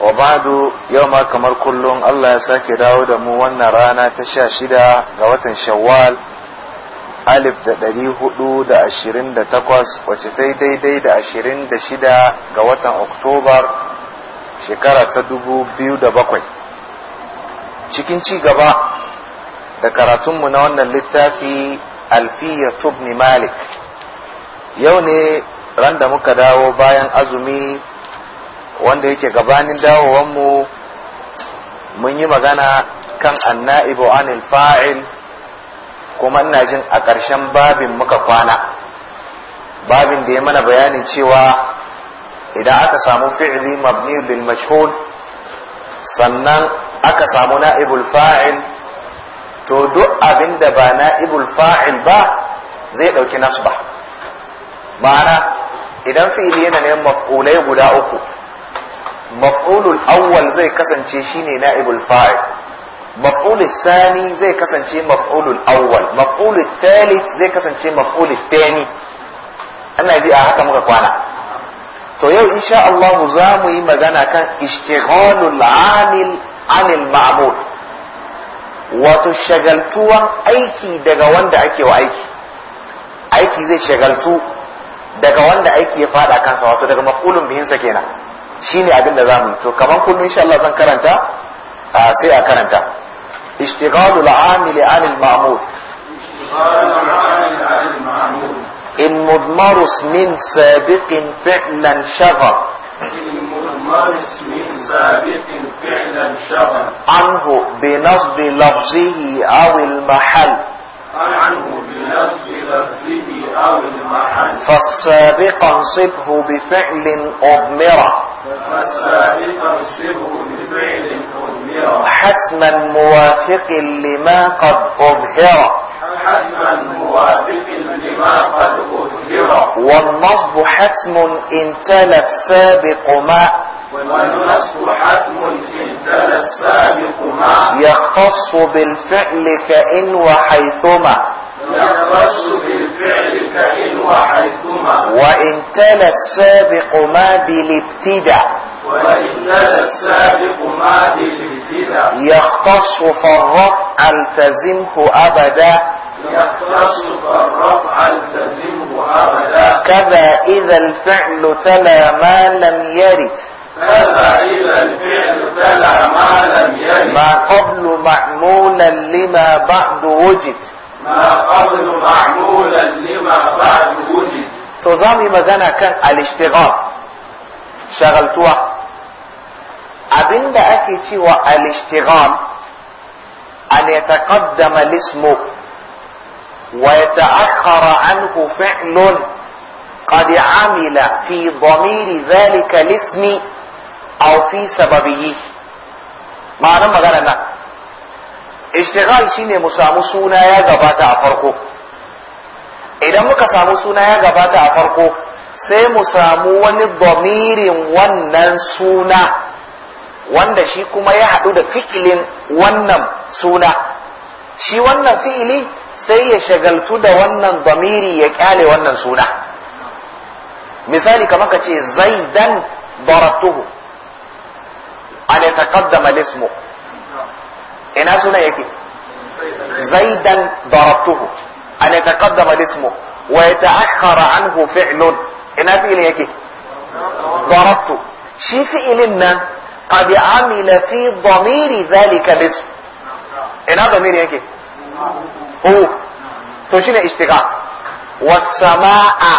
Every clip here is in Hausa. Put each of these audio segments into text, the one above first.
wa ba'du yau ma kamar kullum Allah ya sake dawo da mu wannan rana ta sha shida ga watan shawwal alif da ɗari hudu da ashirin da takwas wacce ta daidai da ashirin da shida ga watan oktobar shekara ta dubu biyu da bakwai cikin ci gaba da karatunmu na wannan littafi alfiya tubni malik yau ne ran da muka dawo bayan azumi wanda yake gabanin mu mun yi magana kan anna'ibu anil fa'il kuma ina jin a ƙarshen babin muka kwana babin da ya mana bayanin cewa idan aka samu fi'li mabni bil majhul sannan aka samu na'ibul fa'il to duk abin da ba na'ibul fa'il ba zai ɗauki nasba ma'ana idan fi'li yana neman maf'ulai guda uku maf'ulul awwal zai kasance shine na'ibul fa'il maf'ulul sani zai kasance maf'ulul awwal maf'ulul thalith zai kasance maf'ulul thani ana ji a haka muka kwana to yau insha Allah za mu yi magana kan ishtighalul anil anil ma'mul wato shagaltuwan aiki daga wanda ake wa aiki aiki zai shagaltu daga wanda aiki ya fada kansa wato daga maf'ulun bihinsa kenan shine abin da zamu to kaman kullum insha Allah zan karanta a sai a karanta al amili anil ma'mur in مضمر min sabiqin fi'lan شغل عنه بنصب لفظه أو المحل عنه بنصب لفظه أو المحل فالسابق انصبه بفعل أضمره حتما موافق لما قد أظهر حتما موافق لما قد أظهر والنصب حتم إن تلف سابق ما والنصب حتم إن سابق ما يختص بالفعل كإن وحيثما يختص بالفعل وحيثما وإن تلا السابق ما بالابتدع وإن تلا السابق ما يختص فالرفع التزمه أبدا يختص فالرفع التزمه أبدا كذا إذا الفعل تلا ما لم يرد كذا إذا الفعل تلا ما لم يرد ما قبل معمولا لما بعد وجد ما قبل معمولا لما بعد وجد تظامي مذنى كان الاشتغال شغلتوه أبين دا أكي تيوى الاشتغال أن يتقدم الاسم ويتأخر عنه فعل قد عمل في ضمير ذلك الاسم أو في سببه معنى ما قال أنه ishtighal shine mu samu suna ya gabata a farko idan muka samu suna ya gabata a farko sai mu samu wani domirin wannan suna wanda shi kuma ya haɗu da fi'ilin wannan suna shi wannan fi'ili sai ya shagaltu da wannan domiri ya kyale wannan suna misali kamar ka ce zaidan daratuhu an ya taqaddama lismu ina sunan yake zaidan darabtuhu an yataqaddama ismu wa yata'akhkhara anhu fi'lun ina fi'ilin yake darabtu shi fi'ilin nan qad amila fi dhamiri dhalika al-ism ina dhamiri yake هو to shine ishtiqa was-samaa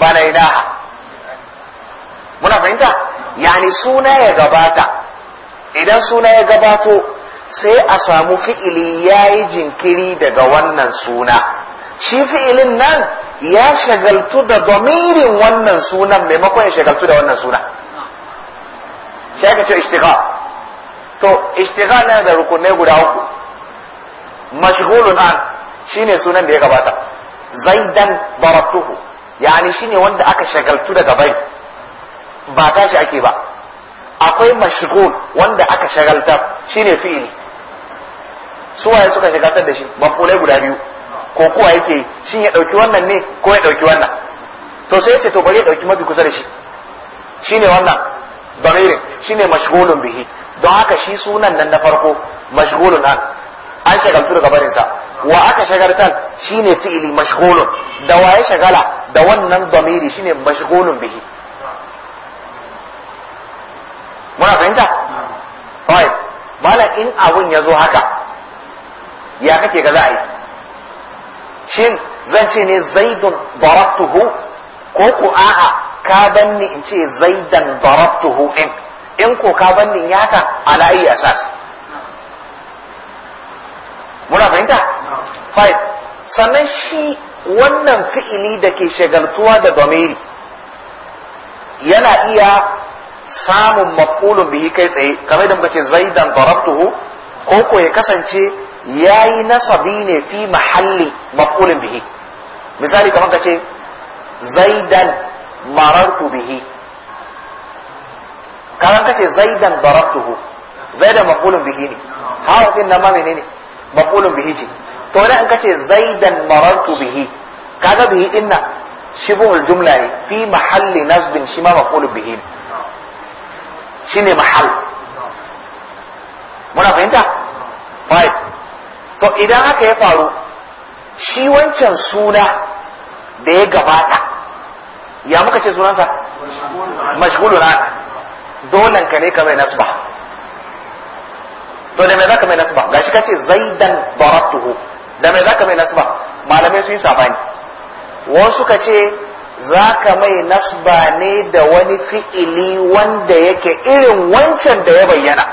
banaynaha muna fahimta yani suna ya gabata idan suna ya gabato sai a samu fi'ili ya yi jinkiri daga wannan suna shi fi'ilin nan ya shagaltu da domirin wannan sunan maimakon ya shagaltu da wannan suna shi aka ce ishtighal to ishtighal na da rukunai guda uku mashghulun an shine sunan da ya gabata zaidan baratuhu yani shine wanda aka shagaltu daga bai ba tashi ake ba akwai mashghul wanda aka shagaltar shine fi'ili su waye suka shagaltar da shi mafulai guda biyu ko kuwa yake shin ya dauki wannan ne ko ya ɗauki wannan to sai ce to bari ya dauki mafi kusa da shi shine wannan damirin shine mashghulun bihi don haka shi sunan nan na farko mashghulun an an shagaltu da gabarin sa wa aka shagaltar shine fi'ili mashghulun da waye shagala da wannan damiri shine mashghulun bihi muna fahimta fine bala in abun ya zo haka ya kake ga za'ayi shin zan ce ne zaidun baratuhu ko ku a'a ka banni in ce zaidan baratuhu in in ko ka banni ya ka ala ayi asas muna fahimta fine sannan shi wannan fi'ili da ke shagaltuwa da domeri yana iya samun maf'ulun bihi kai tsaye kamar da muka ce zaidan darabtuhu ko ko ya kasance yayi nasabi ne fi mahalli maf'ulun bihi misali kamar ka ce zaidan marartu bihi kamar ka ce zaidan darabtuhu zaidan maf'ulun bihi ne hawa din nan ma menene maf'ulun bihi ce to ne an kace zaidan marartu bihi kaga bihi ina nan jumla ne fi mahalli nasbin shi ma maf'ulun bihi ne shine mahal muna fahimta fine to idan haka ya faru shi wancan suna da ya gabata ya muka ce sunansa mashgulu na, dolan ka ne ka mai nasba to da mai zaka mai nasba gashi ka ce zaidan baratuhu da mai zaka mai nasba malamai sun yi sabani wasu ka ce za ka mai nasba ne da wani fi'ili wanda yake irin wancan da ya bayyana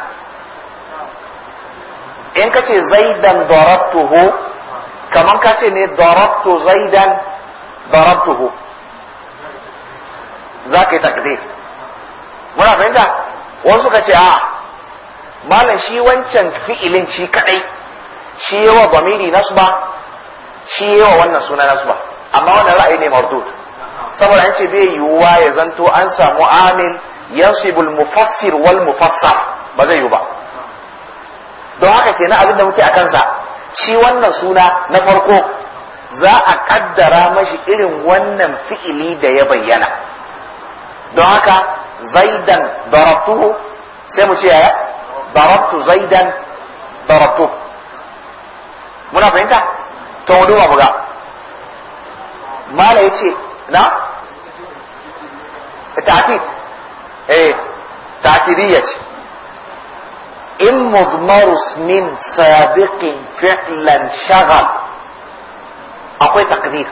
in ka ce zaidan darabtuhu kamar ka ce ne darabtu zaidan darabtuhu za ka yi takdir muna fahimta wasu ka ce a malam shi wancan fi'ilin shi kadai shi yawa bamiri nasba shi yawa wannan suna nasba amma wannan ra'ayi ne mardud saboda an ce bai yiwuwa ya zanto an samu amin yansibul mufassir wal mufassar ba zai yiwu ba don haka kenan abin da muke a kansa shi wannan suna na farko za a kaddara mashi irin wannan fi'ili da ya bayyana don haka zaidan darabtuhu sai mu ce yaya darabtu zaidan darabtu muna fahimta ta mu duba buga mala yace na تعكيد ايه تعكيدية ان مضمر اسمين سابق فعلا شغل اقوى تقدير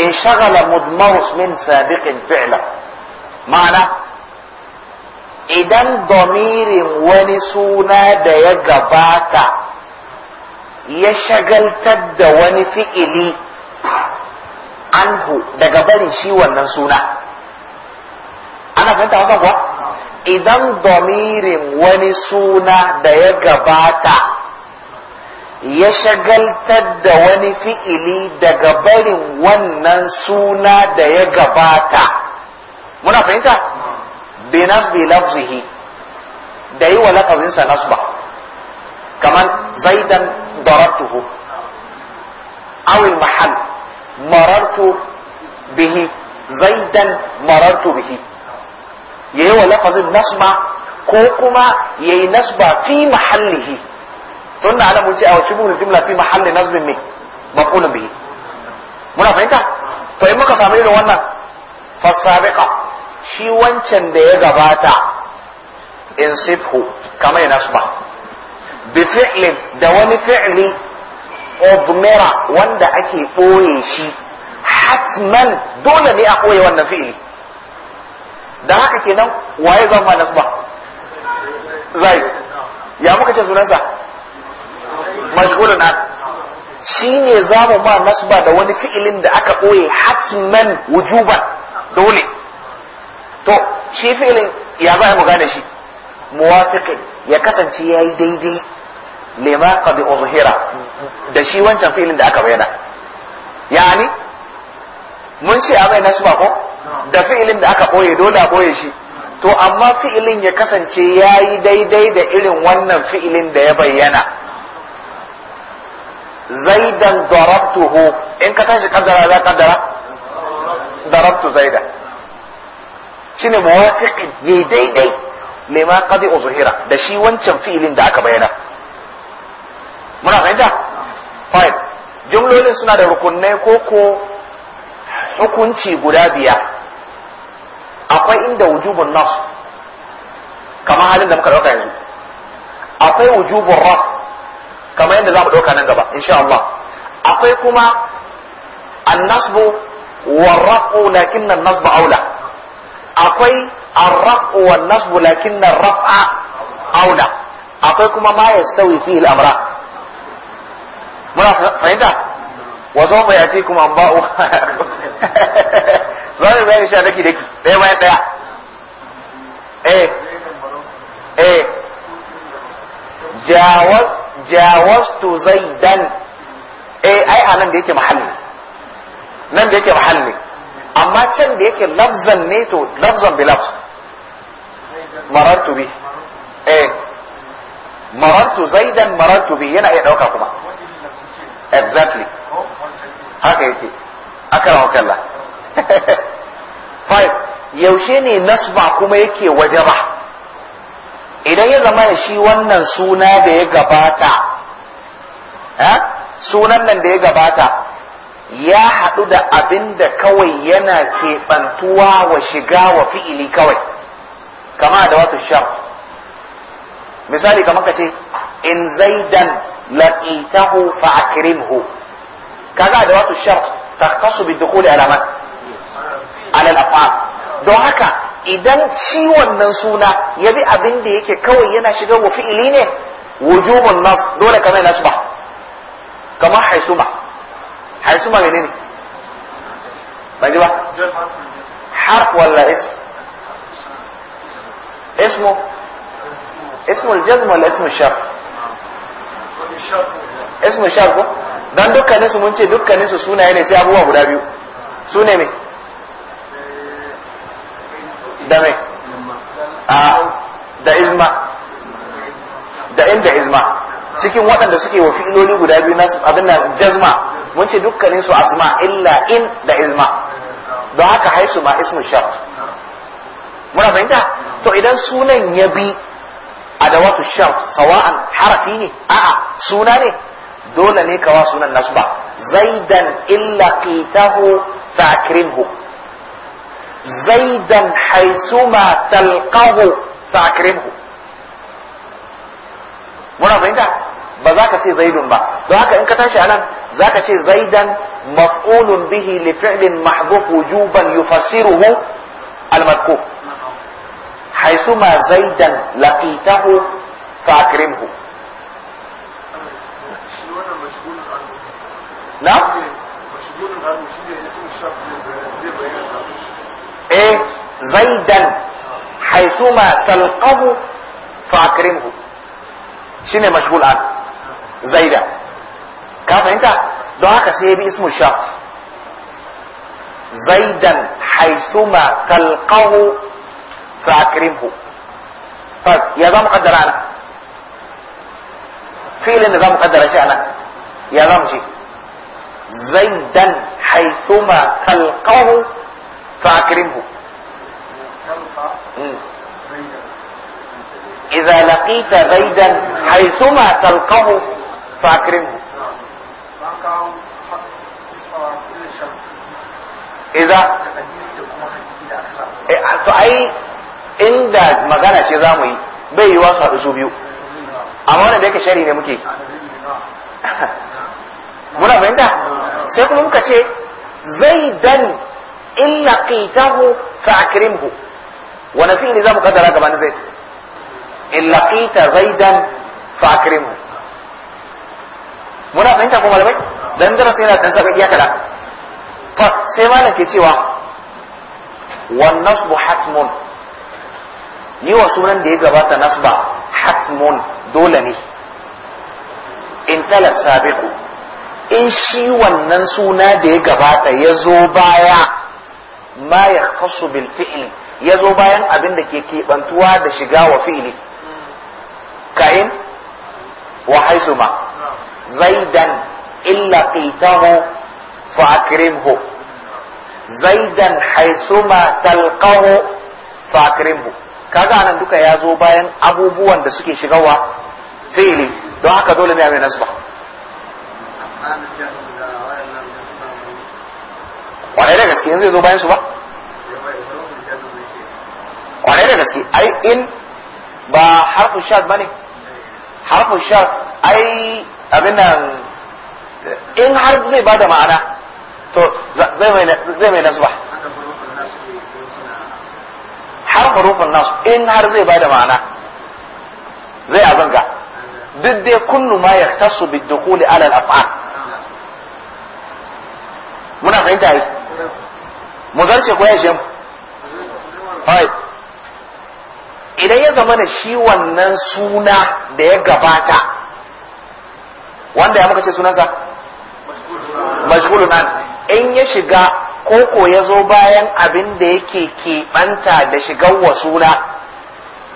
ان شغل مضمر اسمين سابق فعلا معنى اذا ضمير ونسونا دا باتا يشغل تد ونفئ ونفئلي عنه دا جبالي شي ونسونا ana fahimta wasan kuwa idan domirin wani suna da ya gabata ya shagaltar da wani fi'ili daga barin wannan suna da ya gabata muna fahimta binas bi lafzihi da yi wa lakazinsa nasba kamar zaidan daratuhu awil mahal marartu bihi zaidan marartu bihi ya yi wa lafazin nasba ko kuma ya yi nasba fi mahallihi tun da ana mun a wace bugun jumla fi mahalli nasbin me mafulun bihi muna fahimta to in muka samu irin wannan fasabiqa shi wancan da ya gabata in sibhu kamar ya nasba bi fi'lin da wani fi'li obmera wanda ake ɓoye shi hatman dole ne a ɓoye wannan fi'li da haka kenan waye zama nasba zai ya muka ce sunansa mashgulun shi ne zamu mu ma nasba da wani fi'ilin da aka ɓoye hatman wujuba? dole to shi fi'ilin ya za mu gane shi muwafiqin ya kasance yayi daidai lema qad uzhira da shi wancan fi'ilin da aka bayyana yani mun ce amai na ko da fi'ilin da aka ɓoye dole a ɓoye shi to amma fi'ilin ya kasance ya yi daidai da irin wannan fi'ilin da ya bayyana zaidan darabtuhu in ka tashi kaddara za kaddara darabtu zaida shine muwafiqin ya daidai lima qadi uzhira da shi wancan fi'ilin da aka bayyana muna fahimta fine jumlolin suna da rukunai ko ko hukunci guda biya akwai inda wujubun nas kamar halin da muka dauka yanzu akwai wujubun raf kamar yadda za mu dauka nan gaba insha Allah akwai kuma annasbu warrafu lakinna nasbu aula akwai arrafu wan nasbu lakinna rafa aula akwai kuma ma yastawi fi al-amra muna fahimta wa sawfa yatikum anba'u za mu bayan sha daki daki ɗaya bayan ɗaya eh eh jawaz jawastu zaidan eh ai anan da yake mahalli nan da yake mahalli amma can da yake lafzan ne to lafzan bi lafz marartu bi eh marartu zaidan marartu bi yana iya dauka kuma exactly haka yake akan kalla five yaushe ne nasba kuma yake waje ba? idan ya zama shi wannan suna da ya gabata sunan nan da ya gabata ya haɗu da abin da kawai yana keɓantuwa wa shiga wa fi'ili kawai kama da wata shart misali kamar ka ce in zaidan laqitahu fa akrimhu kaga da wata shart تختص بالدخول على من على الأفعال don haka idan shi wannan suna ya bi abin da yake kawai yana shiga wa fi'ili ne wujubun nas dole kamar nasu ba kamar haisuma haisuma menene ne ban ji ba harf wala ism ismu ismu al-jazm wala ismu al-shart ismu al-shart dan dukkaninsu mun ce dukkaninsu sunaye ne sai abubuwa guda biyu su ne me. da me, a da izma da inda izma cikin waɗanda suke wa fi'iloli guda biyu na abin da jazma mun ce dukkaninsu asma illa in da izma don haka haisu ma ismu shart muna fahimta to idan sunan ya bi adawatu shart sawa'an harafi ne a'a suna ne dole ne ka wa sunan nasu ba zaidan illa qitahu fa akrimhu zaidan haisuma talqahu fa akrimhu muna fahimta ba za ka ce zaidun ba don haka in ka tashi anan za ka ce zaidan maf'ulun bihi li fi'lin mahdhuf wujuban yufassiruhu al-madhkur haisuma zaidan laqitahu fa akrimhu نعم ايه زيدا حيثما تلقه فاكرمه شنو مشغول عنه زيدا كيف انت دعاك سيبي اسم الشرط زيدا حيثما تلقه فاكرمه طيب يا ذا مقدر انا فيل ان ذا مقدر شيء انا يا ذا مشي زيدا حيثما تلقاه فأكرمه إذا Zaidan زيدا حيثما تلقاه فأكرمه إذا to ai inda magana ce za mu yi bai yi wasu haɗu su biyu amma wanda da yake shari ne muke muna fahimta sai kuma muka ce zai dan illa laqitahu fa akrimhu wani fi'ili za mu kaddara gaban zaid in laqita zaidan fa akrimhu muna fahimta ko malamai dan darasi yana dan saka iyaka da to sai malam ke cewa wan nasbu hatmun Ni wa sunan da ya gabata nasba hatmun dole ne in tala sabiqu in shi wannan suna da ya gabata ya zo baya ma ya kasu bil fi'li ya zo bayan abin da ke keɓantuwa da shiga wa fi'li ka'in wa zaidan illa qitahu fa akrimhu zaidan haisuma talqahu fa akrimhu kaga duka ya zo bayan abubuwan da suke shigawa fi'li don haka dole ne a mai nasba kwarai da gaske yanzu zai zo bayan su ba kwarai da gaske ai in ba harfin shad ba ne harfin shad ai abin nan in har zai bada ma'ana to zai mai nasu ba harfin rufin nasu in har zai bada ma'ana zai abin ga duk dai kunnu ma ya tasu bi dukuli alal af'al muna fahimta yi mu zarce ko ya mu. mu idan ya zama da shi wannan suna da ya gabata wanda ya muka ce sunansa mashgulun in ya shiga koko ya zo bayan abin da yake keɓanta da shigar wa suna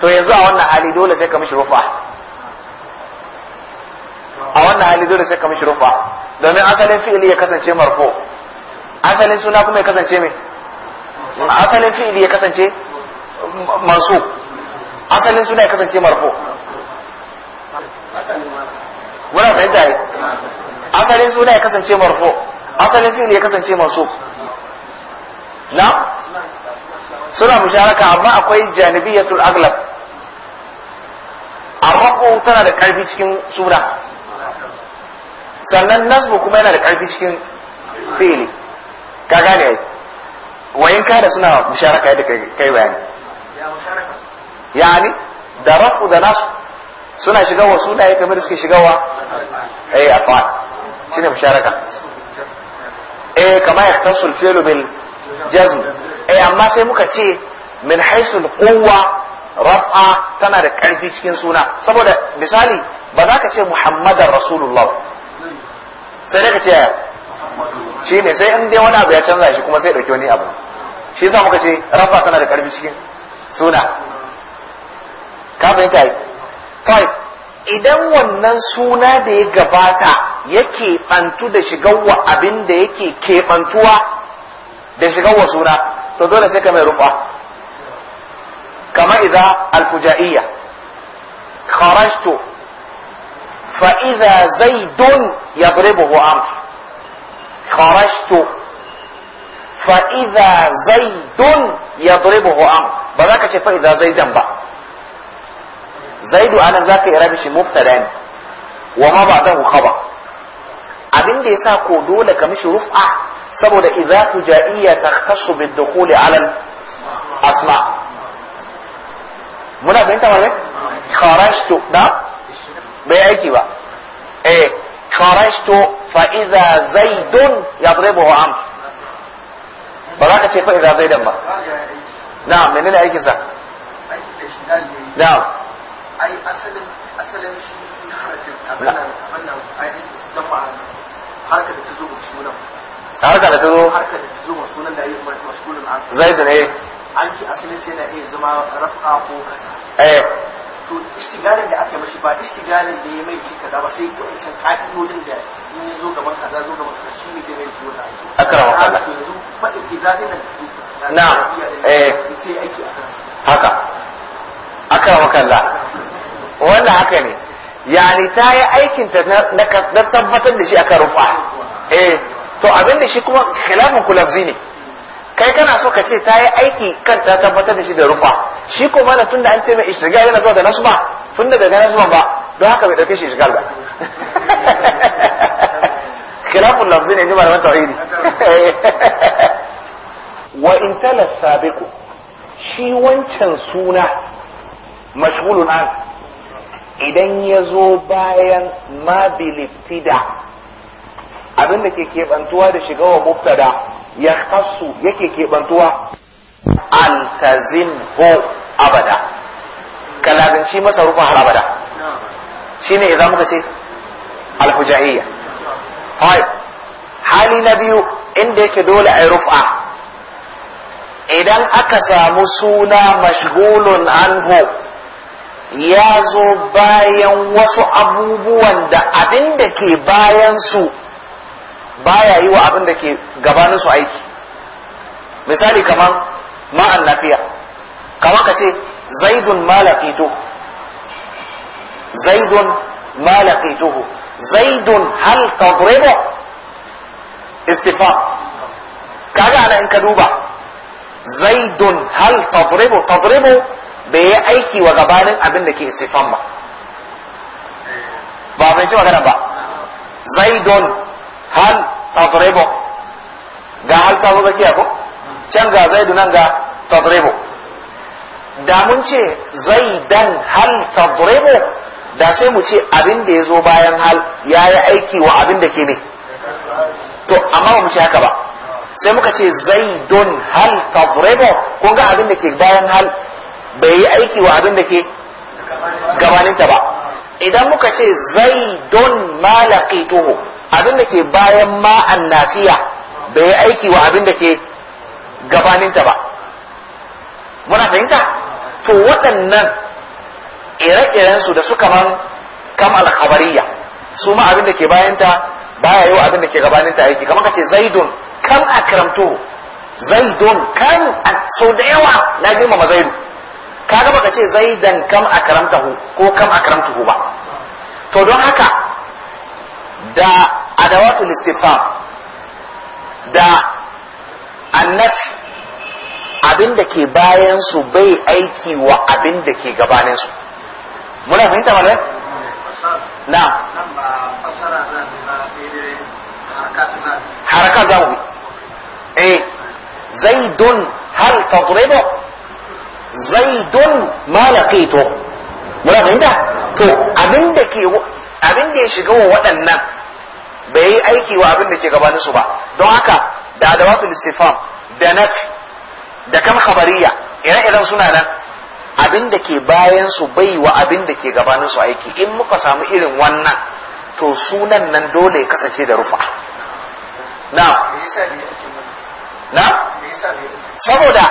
to yanzu a wannan hali dole sai ka mishi rufa a wannan hali dole sai ka mishi rufa domin asalin fi'ili ya kasance marfo asalin suna kuma ya kasance mai asalin fi'ili ya kasance mansu asalin suna ya kasance marfo muna fahimta ne asalin suna ya kasance marfo asalin fi'ili ya kasance mansu na suna musharaka amma akwai janibiyatul aglab arrafu tana da karfi cikin suna sannan nasbu kuma yana da karfi cikin fi'ili ka gane ai wayin kada suna musharaka yadda kai bayani ya musharaka yani da rafu da nasu suna shiga wa sunaye kamar suke shiga wa eh afal shine musharaka eh kama yaktasu al-fi'lu bil jazm eh amma sai muka ce min haythu al-quwwa raf'a tana da karfi cikin suna saboda misali ba za ka ce muhammadar rasulullah sai da ka ce ne sai in dai wani abu ya canza shi kuma sai dauki wani abu shi yasa muka ce rafa tana da karfi cikin suna ka fahimta yi kai idan wannan suna da ya gabata yake bantu da shigarwa abin da yake keɓantuwa da shigarwa suna to dole sai ka mai rufa kama idan alfuja'iyya kharajtu fa idza zaidun yadribuhu amr خرجت فإذا زيد يضربه أمر بذاك شيء فإذا زيدا با زيد أنا ذاك إرابش مبتدا وما بعده خبر abin da yasa ko dole ka mishi rufa saboda idza fujaiya takhtassu bid-dukhul ala asma muna fahimta mai kharajtu da bai aiki ba eh kharajtu fa'iza zaidun ya zurebo wa'am. ba za ka ce fa'iza zaidan ba na aikin sa. na ai asalin asalin shi abin nan harka da ta zo sunan harka da ta zo sunan da yi maskulun an zaidu ne an ki asalin sai na iya zama rafa ko kasa eh to ishtigalin da aka mashi ba ishtigalin da ya mai shi kaza ba sai ko in can ka'idodin da zo gaban kaza zo gaban kaza shi ne zai mai shi wata aiki akara wa kala yanzu faɗin izanin nan na eh sai aiki akan haka akara wa kala wannan haka ne yani ta yi aikinta na tabbatar da shi akan rufa eh to abin da shi kuma khilafin kulafzi ne kai kana so ka ce ta yi aiki kan ta tabbatar da shi da rufa shi ko mana tunda an ce mai ishirga yana zuwa da nasu tun daga nasu ba don haka bai ɗauke shi ishirgal ba khilafun lafzi ne malaman tauhidi wa in tala sabiqu shi wancan suna mashghulun idan ya zo bayan ma biliftida abin da ke keɓantuwa da shiga wa mubtada ya kasu yake keɓantuwa altazin ho abada kalazinci masa rufa har abada shine idan muka ce alfujahiyya طيب hali na biyu inda yake dole a rufa idan aka samu suna mashgulun anhu ya zo bayan wasu abubuwan da abin da ke bayansu baya yi wa abin da ke gabaninsu aiki misali kamar ma'an nafiya kamar ka ce zaidun malakito zaidun malakitohu Zaidun Hal تضربه استفهام kaga ana in ka duba zaidun hal tadribu tadribu bai yi aiki wa gabanin abin da ke istifan ba ba a fahimci magana ba zaidun hal tadribu ga hal tadribu ke ko can ga Zaidun nan ga tadribu da mun ce zaidan hal tadribu da sai mu ce abin da ya zo bayan hal ya yi aiki wa abin da ke ne to amma ba mu ce haka ba sai muka ce zaidun hal tabrebo kun ga abin da ke bayan hal bai yi aiki wa abin da ke gabaninta ba idan muka ce zaidun ma laqituhu abin da ke bayan ma nafiya bai yi aiki wa abin da ke gabaninta ba muna fahimta to waɗannan ire irensu da su kaman kam al-khabariya su ma abin da ke bayanta baya yi wa abin da ke gabaninta aiki kamar kace zaidun kam akramtu zaidun kam sau da yawa na girmama zaidu kaga baka ce zaidan kam akramtahu ko kam akramtuhu ba to don haka da adawatul istifham da annaf abin da ke bayan su bai aiki wa abin da ke gabanin su muna fahimta malamai na haraka za mu eh zaidun hal tadribu zaidun ma laqitu muna fahimta to abin da ke abin da ya shiga wa waɗannan bai yi aiki wa abin da ke gabanin su ba don haka da adawatul istifham da nafi da kan khabariya ire-iren suna nan abin da ke bayan su bai wa abin da ke gabanin su aiki in muka samu irin wannan to sunan nan dole ya kasance da rufa na na saboda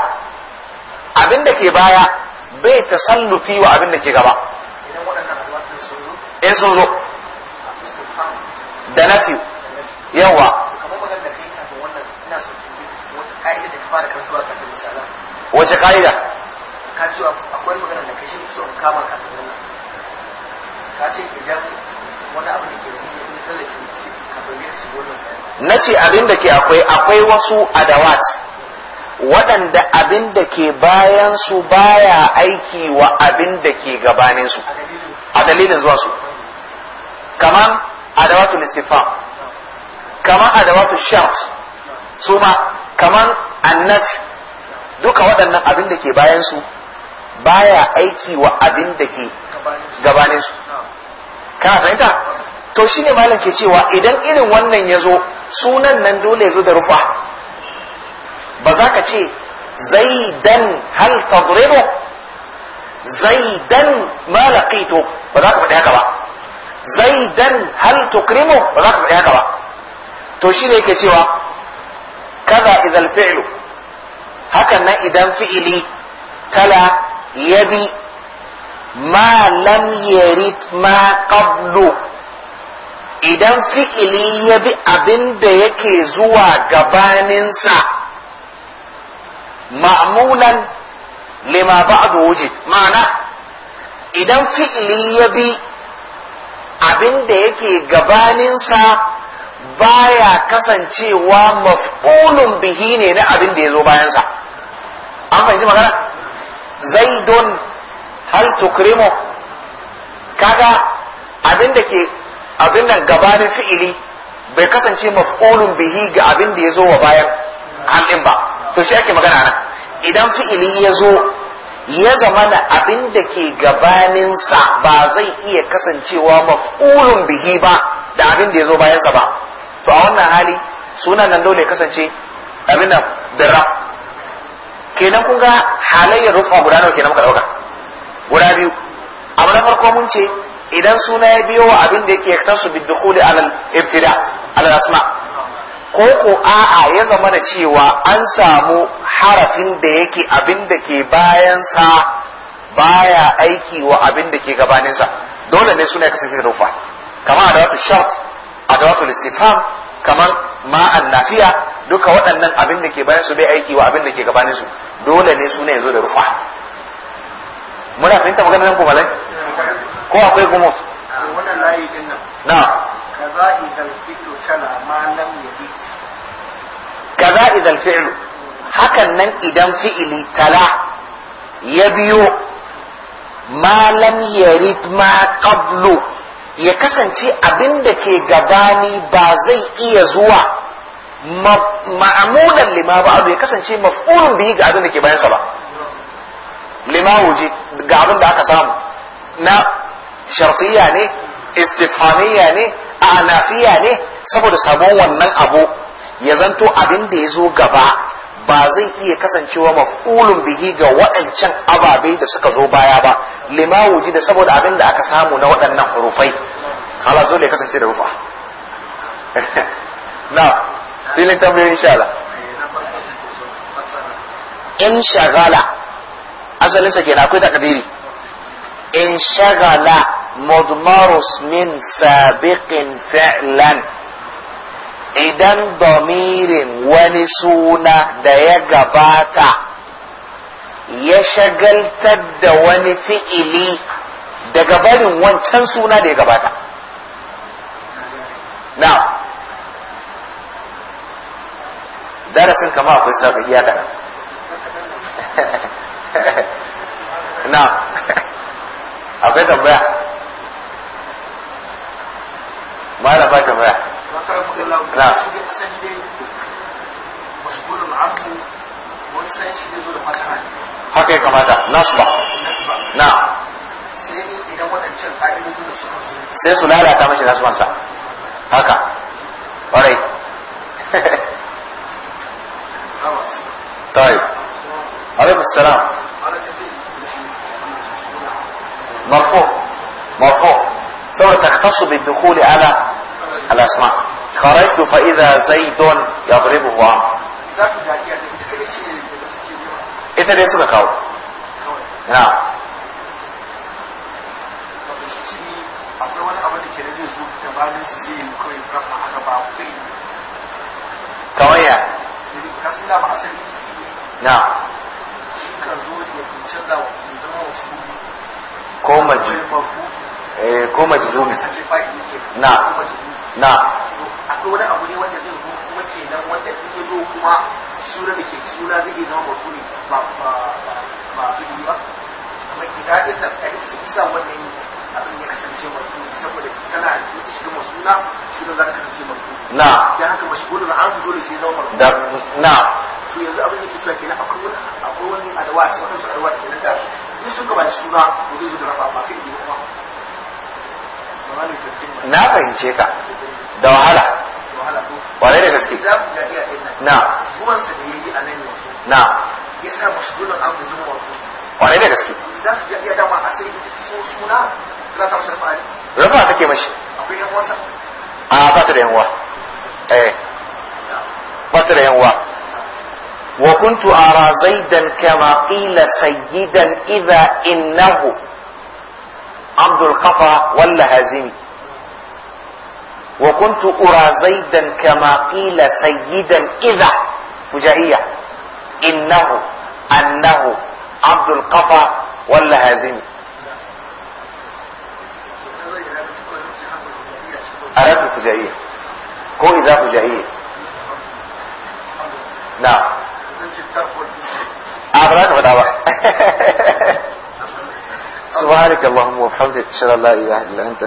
abin da ke baya bai tasallufi wa abin da ke gaba in sun zo da nafi yawa wace ka'ida ka ce akwai magana da kashi so in kama ka tsanin nan ka ce idan wani abu da ke da ne tallafi ka bayyana shi wannan na ce abin da ke akwai akwai wasu adawat waɗanda abin da ke bayan su baya aiki wa abin da ke gabanin su a dalilin zuwa su kamar adawatu istifam kamar adawatu shout su ma kamar annas duka waɗannan abin da ke bayan su baya aiki wa abin da ke gabanin su kana fahimta to shine malam ke cewa idan irin wannan ya zo sunan nan dole ya zo da rufa ba za ka ce zaidan hal tadribu zaidan ma laqito ba za ka faɗi haka ba zaidan hal tukrimu ba za ka faɗi haka ba to shine yake cewa kaza idal fi'lu hakan nan idan fi'ili tala ya bi ma lam ma qablu idan fi'ili ya bi abin da yake zuwa gabaninsa ma'mulan lima ba'du wujid ma'ana idan fi'ili ya bi abin da yake gabaninsa baya kasancewa maf'ulun bihi ne na abin da ya zo bayansa an fahimci magana zaidun hal tukrimu kaga abin da ke abin nan gabanin fi'ili bai kasance maf'ulun bihi ga abin da ya zo wa bayan halin ba to shi ake magana nan idan fi'ili ya zo ya zama na abin da ke gabaninsa ba zai iya kasancewa maf'ulun bihi ba da abin da ya zo bayansa ba to a wannan hali sunan nan dole ya kasance abin nan birraf kenan kun ga halayyar rufa guda nawa kenan muka dauka guda biyu abu na farko mun ce idan suna ya biyo wa abin da yake yaktar su bi alal ibtida alal asma ko ko a'a ya zama da cewa an samu harafin da yake abin da ke bayansa baya aiki wa abin da ke gabaninsa dole ne suna ya kasance da rufa kamar adawatul shart adawatul istifham kamar ma'an nafiya duka waɗannan abin da ke bayan su bai aiki wa abin da ke gabaninsu. dole ne suna yanzu da rufa muna fahimta maganar nan kuma ko akwai gumut wannan layi din nan na kaza idan fi'lu tana ma lam yabit kaza idan fi'lu hakan nan idan fi'ili tala ya biyo ma lam yarid ma qablu ya kasance abin da ke gabani ba zai iya zuwa ma'amunan lima ba'adu ya kasance maf'ulun bihi ga abin da ke bayansa ba lima wuji ga abin da aka samu na shartiya ne Istifamiya ne anafiya ne saboda sabon wannan abu ya zanto abin da ya zo gaba ba zai iya kasancewa maf'ulun bihi ga waɗancan ababe da suka zo baya ba lima wuji da saboda abin da aka samu na waɗannan hurufai kala zo ya kasance da rufa na filin in shagala asalinsa kenan akwai takdiri in shagala mudmarus min sabiqin fi'lan idan domirin wani suna da ya gabata ya shagaltar da wani fi'ili daga barin wancan suna da ya gabata now darasin kama akwai sauƙi iya kana na akwai tambaya mala ba tambaya na haka ya kamata nasba na sai su lalata mashi nasbansa haka ƙwarai طيب عليكم السلام مرفوع مرفوع ثم تختص بالدخول على الاسماء خرجت فاذا زيد يضربه عمرو انت ليه اسمك نعم كمان canza na maji eh ko maji zo ne na na akwai wani abu ne wanda zai zo kuma kenan wanda in zo kuma sura da ke sura zai zama mutum ba ba ba ba ba abin ya kasance marfu'i saboda tana da masu Suna shi da za ka kasance marfu'i na ya haka na an dole sai zama marfu'i na to yanzu abin da ke cewa kenan akwai wani akwai wani adawa sai wannan adawa kenan da in sun da suna ko zai da rafa ba kai ne kuma na fahimce ka da wahala kwarai da gaske na sa da yayi a nan yanzu na yasa mashgulun an guji mawaƙi kwarai da gaske za ka iya dama asali ita so suna ba ta ke mashi a ba ta da yanwa eh ba ta da yanwa wa kuntu ara zaidan kama qila sayyidan idha innahu abdul qafa walla hazimi kuntu ara zaidan kama qila sayyidan idha fujahiya innahu annahu abdul القفا ولا هازمي haratu fujaiya ko idza fujaiya na ba za ka faɗa ba subhanakallahumma wa bihamdika ashhadu an la ilaha